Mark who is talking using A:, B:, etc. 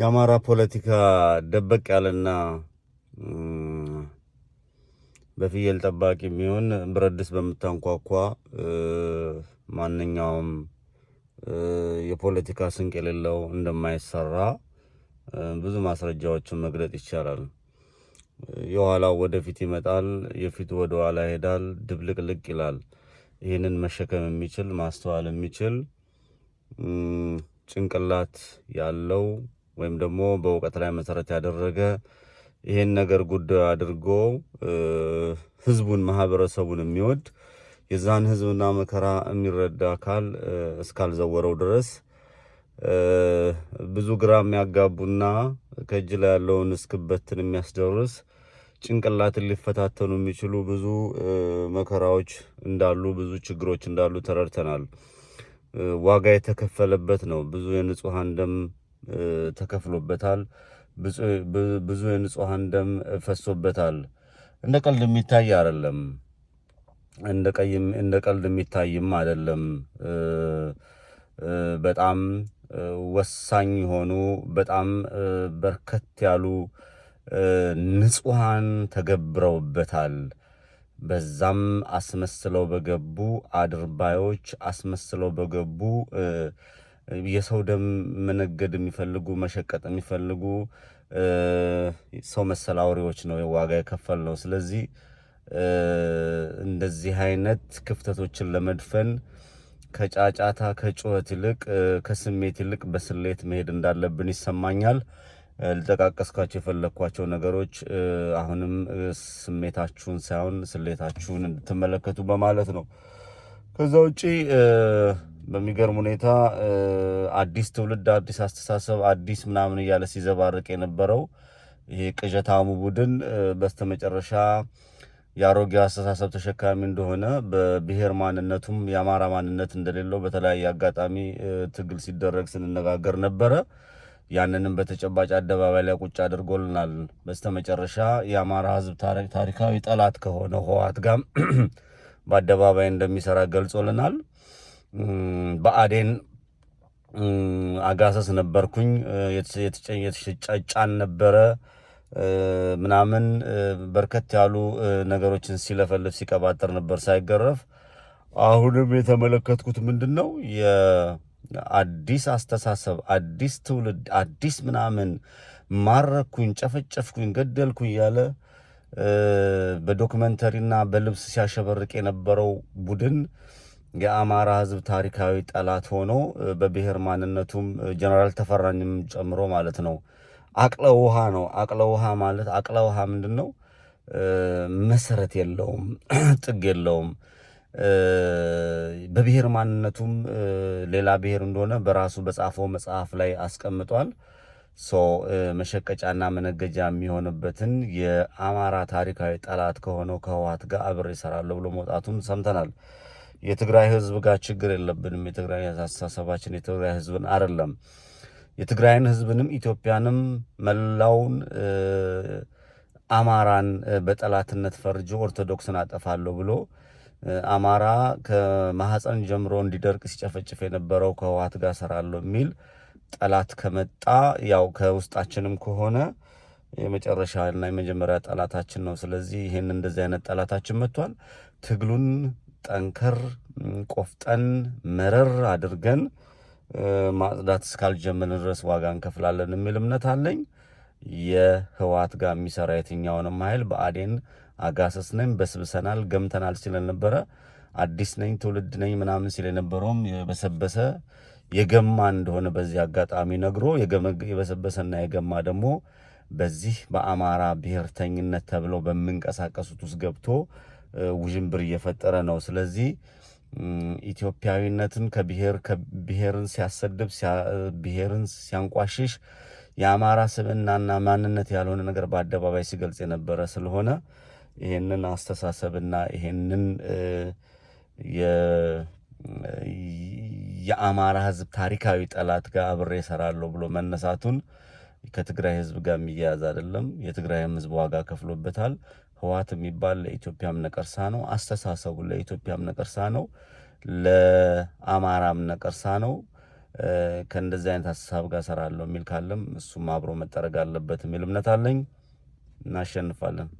A: የአማራ ፖለቲካ ደበቅ ያለና በፍየል ጠባቂ የሚሆን ብረት ድስት በምታንኳኳ ማንኛውም የፖለቲካ ስንቅ የሌለው እንደማይሰራ ብዙ ማስረጃዎችን መግለጥ ይቻላል። የኋላው ወደፊት ይመጣል፣ የፊቱ ወደ ኋላ ይሄዳል፣ ድብልቅልቅ ይላል። ይህንን መሸከም የሚችል ማስተዋል የሚችል ጭንቅላት ያለው ወይም ደግሞ በእውቀት ላይ መሰረት ያደረገ ይሄን ነገር ጉዳዩ አድርጎ ህዝቡን ማህበረሰቡን የሚወድ የዛን ህዝብና መከራ የሚረዳ አካል እስካልዘወረው ድረስ ብዙ ግራ የሚያጋቡና ከእጅ ላይ ያለውን እስክበትን የሚያስደርስ ጭንቅላትን ሊፈታተኑ የሚችሉ ብዙ መከራዎች እንዳሉ ብዙ ችግሮች እንዳሉ ተረድተናል። ዋጋ የተከፈለበት ነው። ብዙ የንጹሐን ደም ተከፍሎበታል። ብዙ የንጹሐን ደም ፈሶበታል። እንደ ቀልድ የሚታይ አይደለም። እንደ ቀልድ የሚታይም አይደለም። በጣም ወሳኝ የሆኑ በጣም በርከት ያሉ ንጹሐን ተገብረውበታል። በዛም አስመስለው በገቡ አድርባዮች አስመስለው በገቡ የሰው ደም መነገድ የሚፈልጉ መሸቀጥ የሚፈልጉ ሰው መሰል አውሬዎች ነው ዋጋ የከፈል ነው። ስለዚህ እንደዚህ አይነት ክፍተቶችን ለመድፈን ከጫጫታ ከጩኸት ይልቅ ከስሜት ይልቅ በስሌት መሄድ እንዳለብን ይሰማኛል። ልጠቃቀስኳቸው የፈለግኳቸው ነገሮች አሁንም ስሜታችሁን ሳይሆን ስሌታችሁን እንድትመለከቱ በማለት ነው። ከዛ ውጪ በሚገርም ሁኔታ አዲስ ትውልድ፣ አዲስ አስተሳሰብ፣ አዲስ ምናምን እያለ ሲዘባርቅ የነበረው ይሄ ቅዠታሙ ቡድን በስተመጨረሻ የአሮጌ አስተሳሰብ ተሸካሚ እንደሆነ በብሔር ማንነቱም የአማራ ማንነት እንደሌለው በተለያየ አጋጣሚ ትግል ሲደረግ ስንነጋገር ነበረ። ያንንም በተጨባጭ አደባባይ ላይ ቁጭ አድርጎልናል። በስተመጨረሻ የአማራ ሕዝብ ታሪካዊ ጠላት ከሆነ ህወሓት ጋር በአደባባይ እንደሚሰራ ገልጾልናል። በአዴን አጋሰስ ነበርኩኝ። የተጨጫን ነበረ ምናምን በርከት ያሉ ነገሮችን ሲለፈልፍ ሲቀባጠር ነበር ሳይገረፍ። አሁንም የተመለከትኩት ምንድን ነው የአዲስ አስተሳሰብ አዲስ ትውልድ አዲስ ምናምን ማረኩኝ፣ ጨፈጨፍኩኝ፣ ገደልኩኝ ያለ በዶክመንተሪና በልብስ ሲያሸበርቅ የነበረው ቡድን የአማራ ህዝብ ታሪካዊ ጠላት ሆኖ በብሔር ማንነቱም ጀነራል ተፈራንም ጨምሮ ማለት ነው። አቅለ ውሃ ነው። አቅለ ውሃ ማለት አቅለ ውሃ ምንድን ነው? መሰረት የለውም፣ ጥግ የለውም። በብሔር ማንነቱም ሌላ ብሔር እንደሆነ በራሱ በጻፈው መጽሐፍ ላይ አስቀምጧል። ሶ መሸቀጫና መነገጃ የሚሆንበትን የአማራ ታሪካዊ ጠላት ከሆነው ከህወሓት ጋር አብሬ እሰራለሁ ብሎ መውጣቱን ሰምተናል። የትግራይ ህዝብ ጋር ችግር የለብንም። የትግራይ አስተሳሰባችን የትግራይ ህዝብን አይደለም የትግራይን ህዝብንም ኢትዮጵያንም መላውን አማራን በጠላትነት ፈርጆ ኦርቶዶክስን አጠፋለሁ ብሎ አማራ ከማህፀን ጀምሮ እንዲደርቅ ሲጨፈጭፍ የነበረው ከህወሓት ጋር ሰራለሁ የሚል ጠላት ከመጣ ያው ከውስጣችንም ከሆነ የመጨረሻና የመጀመሪያ ጠላታችን ነው። ስለዚህ ይህን እንደዚህ አይነት ጠላታችን መጥቷል። ትግሉን ጠንከር ቆፍጠን መረር አድርገን ማጽዳት እስካልጀመርን ድረስ ዋጋ እንከፍላለን የሚል እምነት አለኝ። የህወሓት ጋር የሚሰራ የትኛውንም ኃይል በአዴን አጋሰስ ነኝ በስብሰናል ገምተናል ሲል ነበረ። አዲስ ነኝ ትውልድ ነኝ ምናምን ሲል የነበረውም የበሰበሰ የገማ እንደሆነ በዚህ አጋጣሚ ነግሮ የበሰበሰና የገማ ደግሞ በዚህ በአማራ ብሔርተኝነት ተብለው በሚንቀሳቀሱት ውስጥ ገብቶ ውዥንብር እየፈጠረ ነው። ስለዚህ ኢትዮጵያዊነትን ከብሔር ብሔርን ሲያሰድብ ብሔርን ሲያንቋሽሽ የአማራ ስብዕናና ማንነት ያልሆነ ነገር በአደባባይ ሲገልጽ የነበረ ስለሆነ ይህንን አስተሳሰብና ይህንን የአማራ ሕዝብ ታሪካዊ ጠላት ጋር አብሬ እሰራለሁ ብሎ መነሳቱን ከትግራይ ህዝብ ጋር የሚያያዝ አይደለም። የትግራይም ህዝብ ዋጋ ከፍሎበታል። ህወሓት የሚባል ለኢትዮጵያም ነቀርሳ ነው። አስተሳሰቡ ለኢትዮጵያም ነቀርሳ ነው፣ ለአማራም ነቀርሳ ነው። ከእንደዚህ አይነት አስተሳሰብ ጋር ሰራለሁ የሚል ካለም እሱም አብሮ መጠረግ አለበት የሚል እምነት አለኝ። እናሸንፋለን።